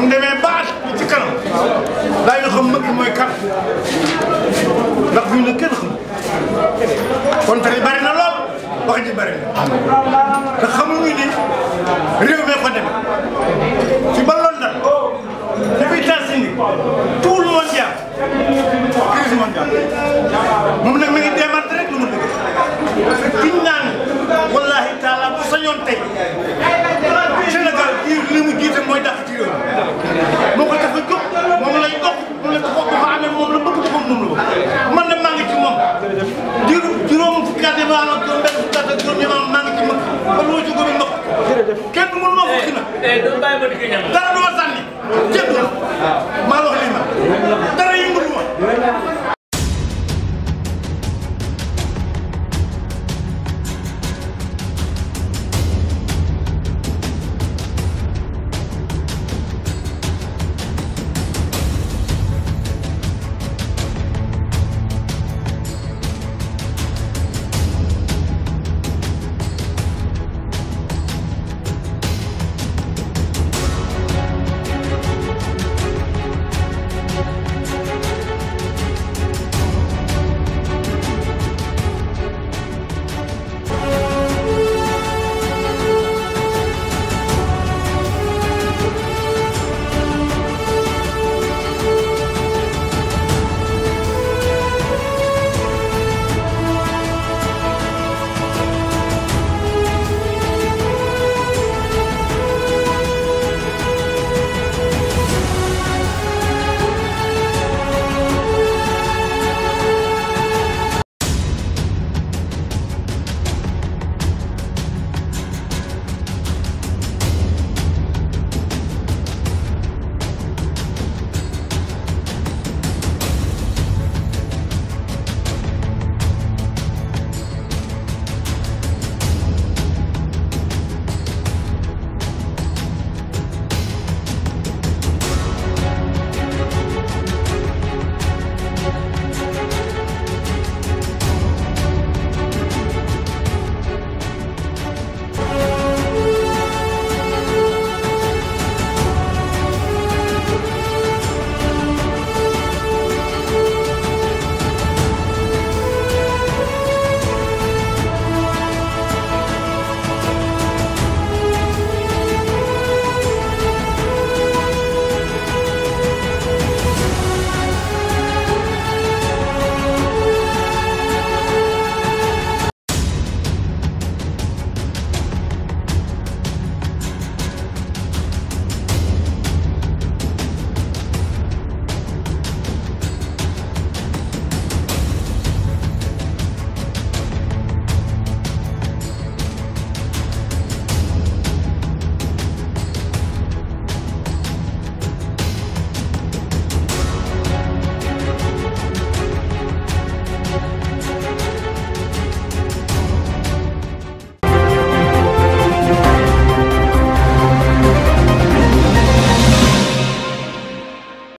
mun demee baat bi ci kanam daañu xam nag mooy kan ndax buñ la kenn xam kon tey bari na lool wax ji bari na te xamuñu ni réew mi ko demee ci ba London depuis États-Unis tout le monde jàpp crise mondiale imaam ak juróom benn fukki at ak juróom imaam maa ngi ci mag ba lu ma ci góobi mag kenn du mun ma ko xina eh, eh, dara du ma sànni jëpp ah. maa wax lii ma